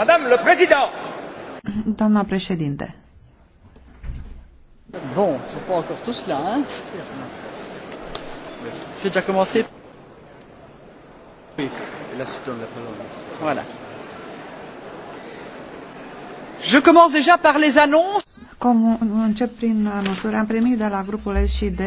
Madame le Président! Doamna președinte. Bun, c'est pas encore tout cela, hein? J'ai déjà commencé. Oui, là, je donne la parole. Voilà. Je commence déjà par les annonces. on, on prin anunțuri, am primit de la grupul SD